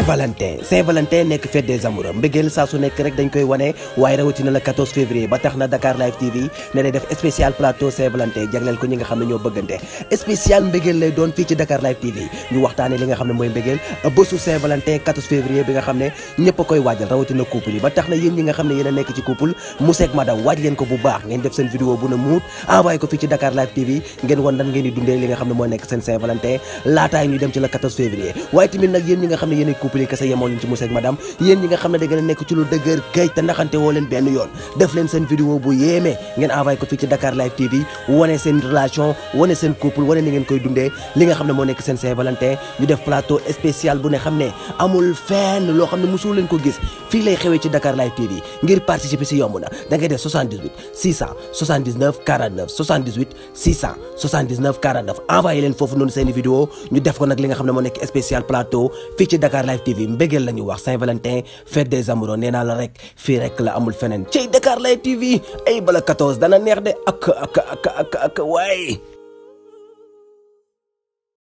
Saint-Valentin nekk fête des amoureux mbëggeel saa su nekk rek dañ koy wane waaye rawatina le 14 février ba tax na Dakar Live TV ne day def spécial plateau Saint-Valentin jagleel ko ñi nga xam ne ñoo bëggante spécial mbëggeel lay doon fii ci Dakar Live TV ñu waxtaane li nga xam ne mooy mbëggeel bésu Saint-Valentin 14 février bi nga xam ne ñëpp a koy waajal rawatina couple yi ba tax na yéen ñi nga xam ne yéen a nekk ci couple monsieur ak madame waaj leen populaire kese yemoo leen li nga xam ne moo nekk seen Saint-Valentin ñu def plateau spécial bu ne xam ne amul fenn loo xam ne mosul ko gis fii lay xewee ci Dakar Live TV ngir participer si yomb na da ngay def 78 679 49 78 679 49 envoyé leen foofu noonu seen vidéo ñu def ko nag li nga xam ne moo nekk spécial plateau fii ci Dakar Live Leral TV mbégeel la ñu wax Saint-Valentin fête des amoureux nee naa la rek fii rek la amul feneen cey Dakar Live TV ay bala 14 dana neex de ak ak ak ak ak waaye